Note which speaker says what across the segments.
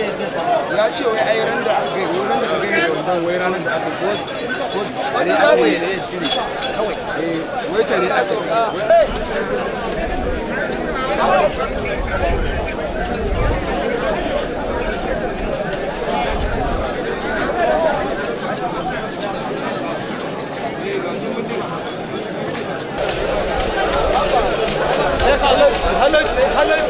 Speaker 1: ya ce wai ai ran da aka yi ran da aka yi wannan wai ranar da aka ko ko ne aka yi ne shi ne kawai eh wai tare aka Hello, hello, hello.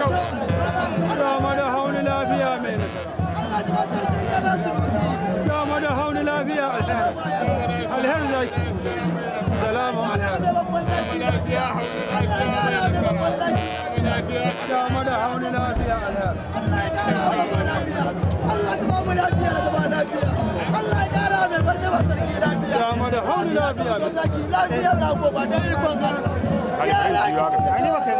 Speaker 1: kyau dama da hauni lafiya mai dama da hauni lafiya alheri alheri za ki salamu alheri dama da hauni lafiya alheri dama da
Speaker 2: hauni lafiya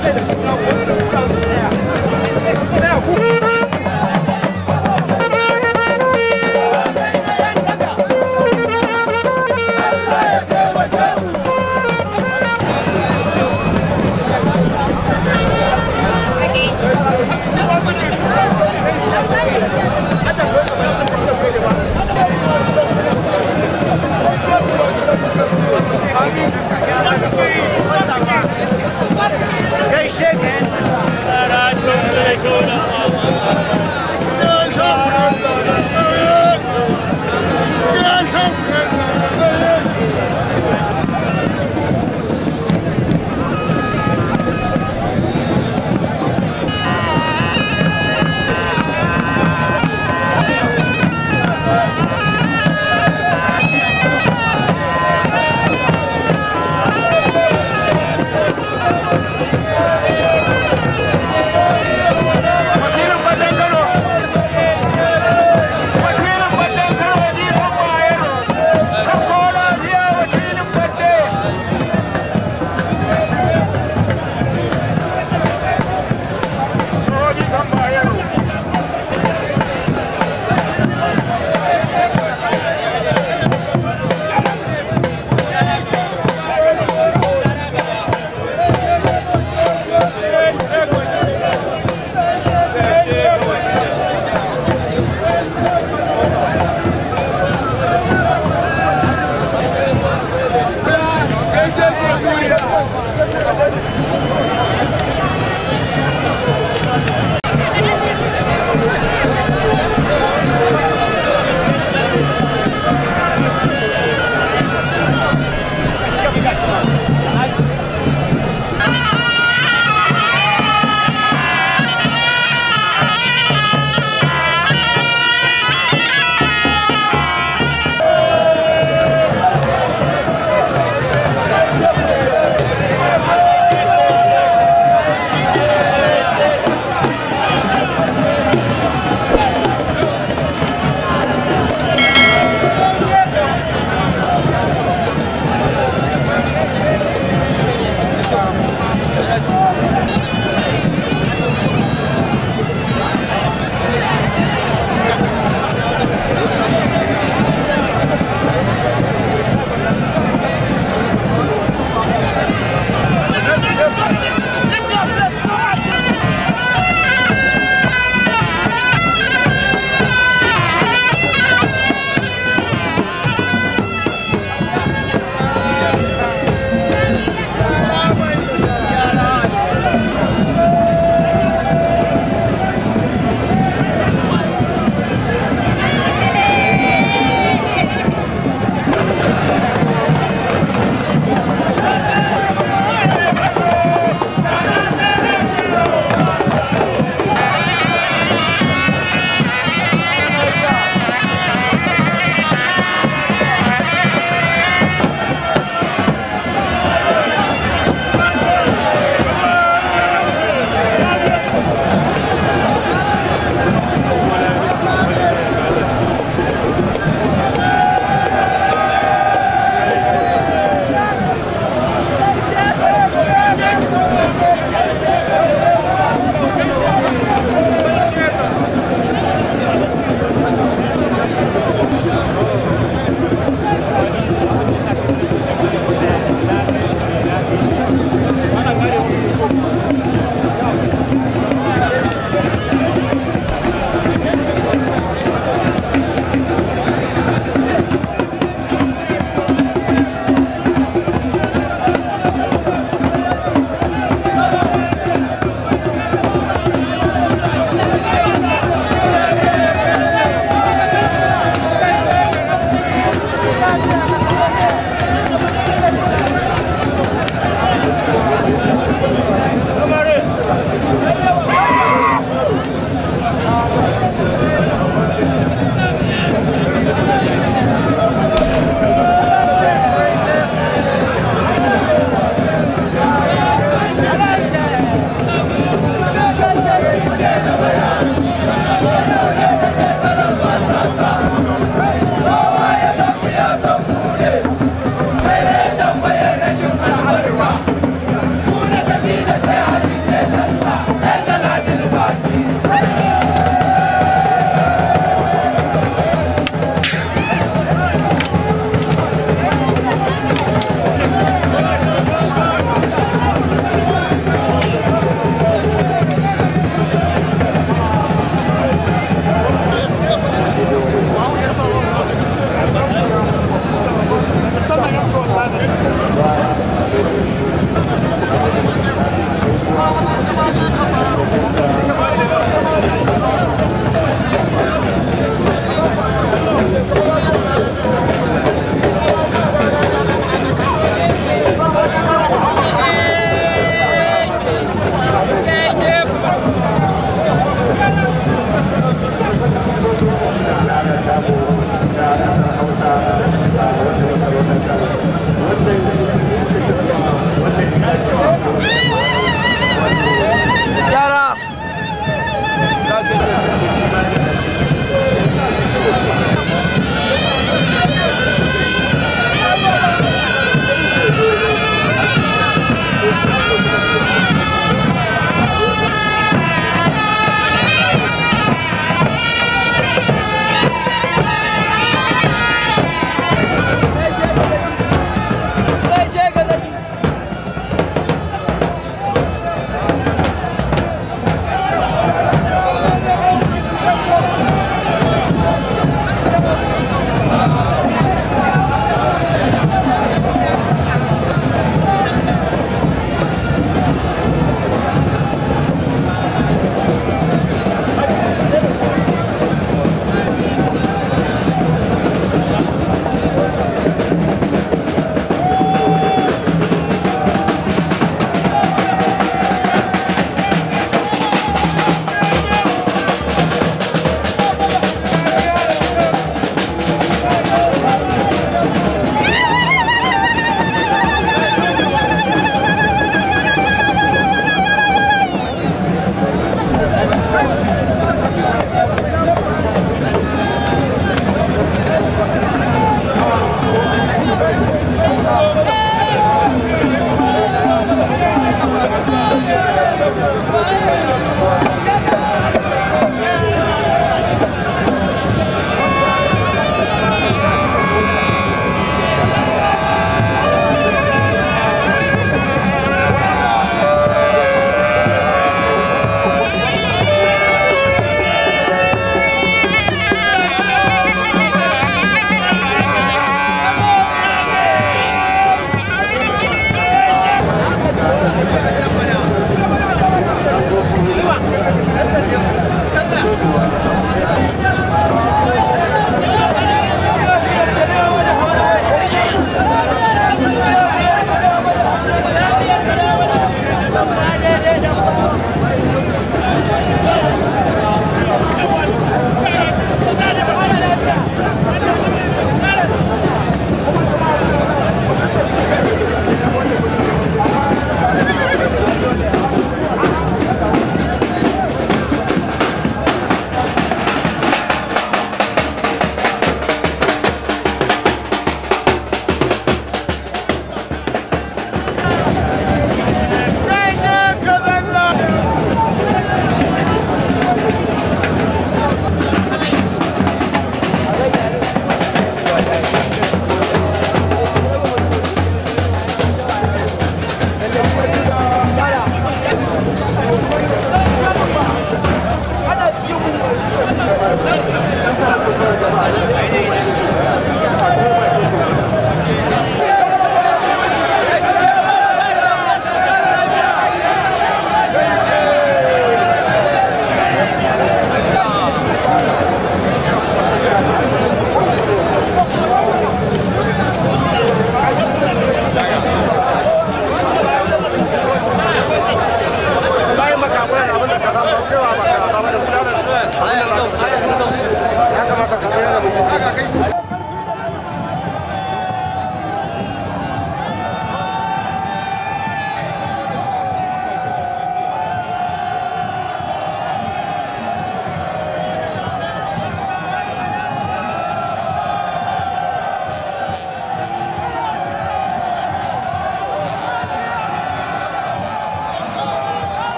Speaker 1: Thank you.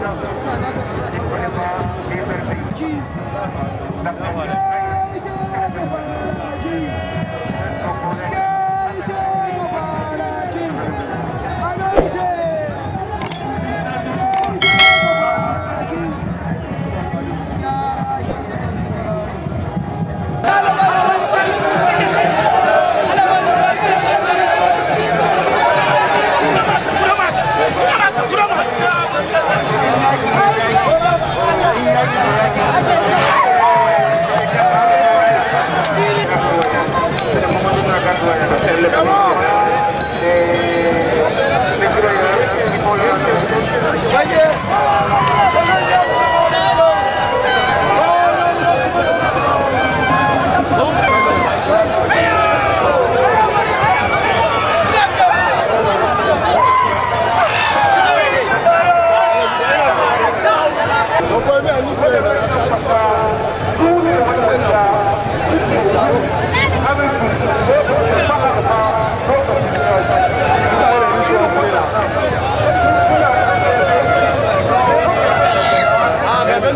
Speaker 1: Vamos! Vaya.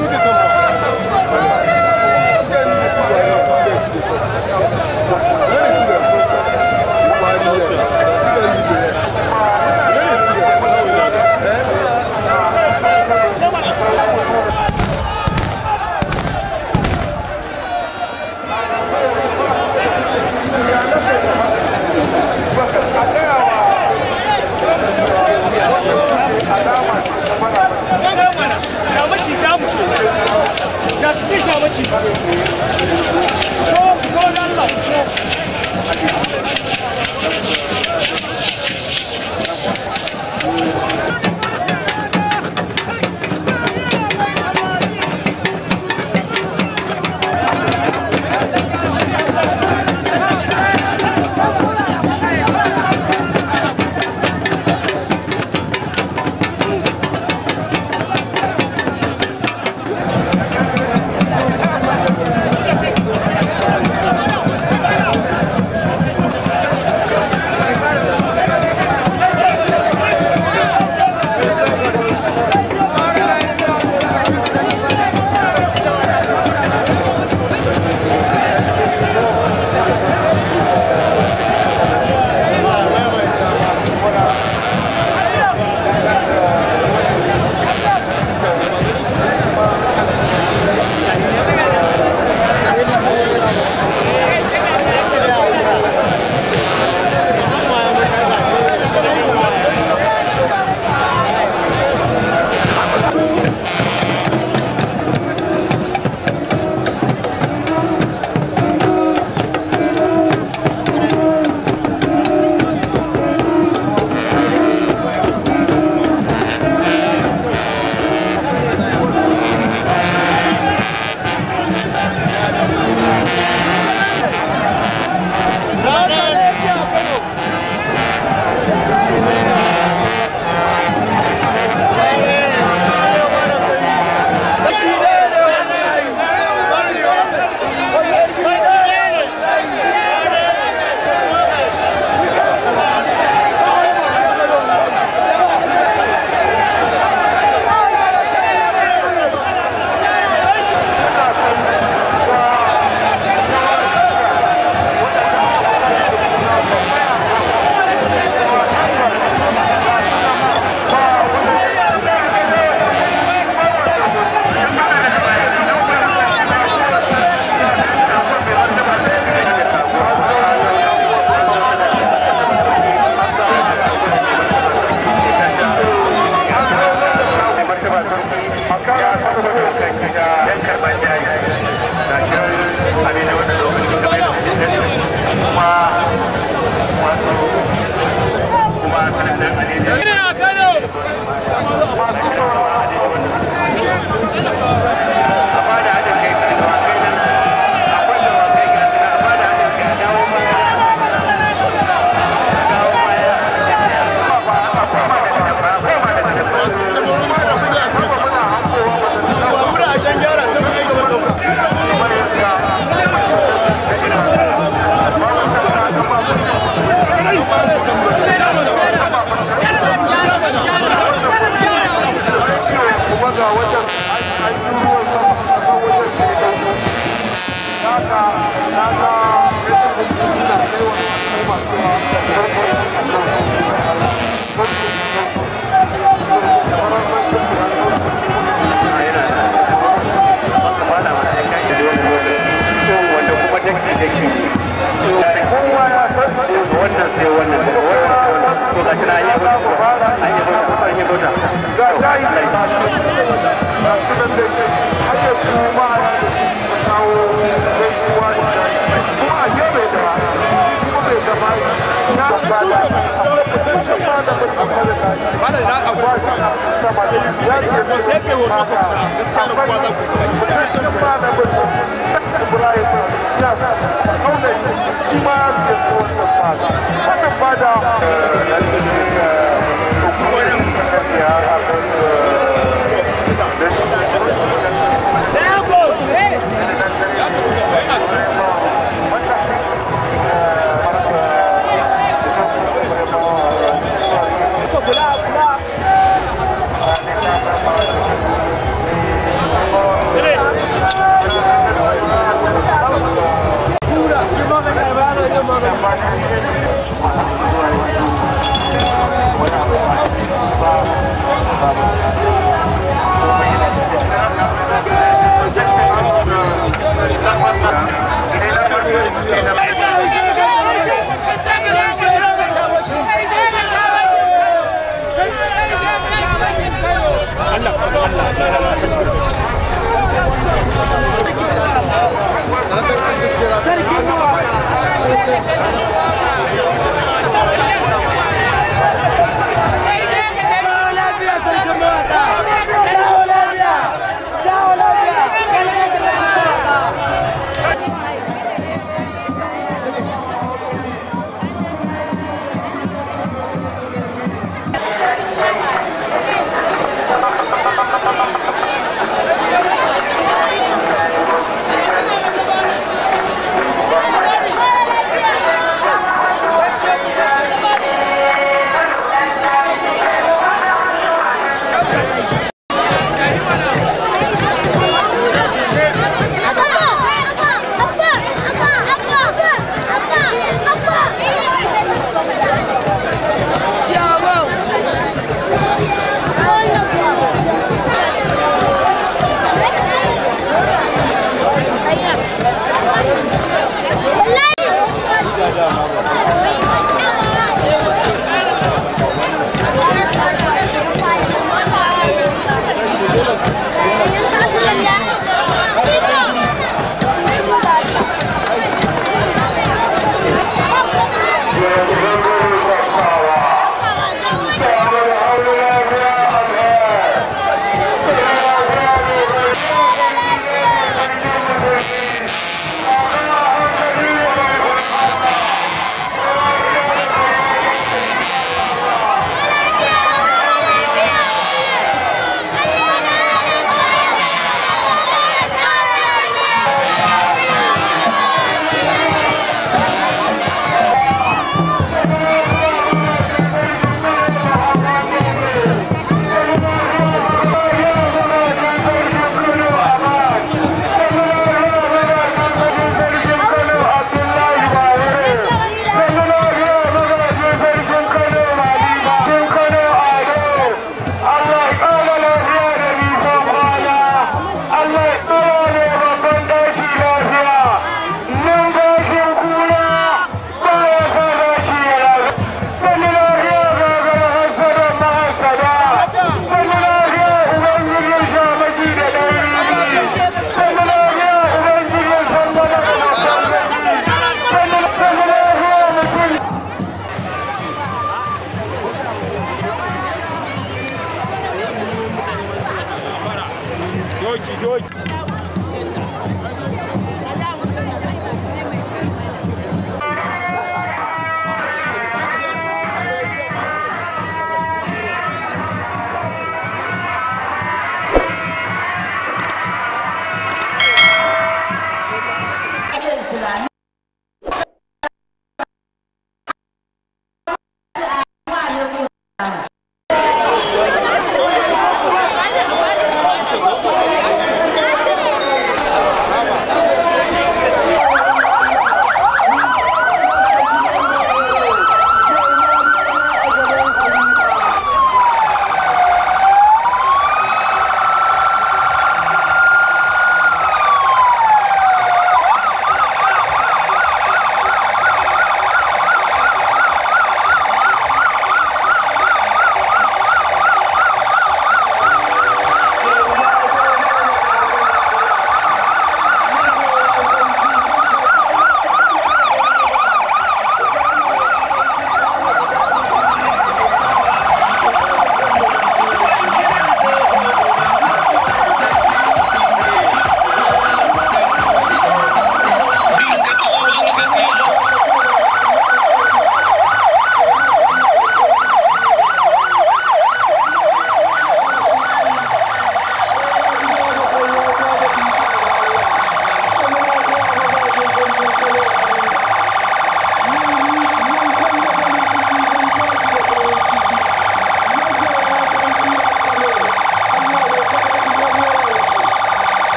Speaker 1: Let me see them. See Buhari here. See them leading here.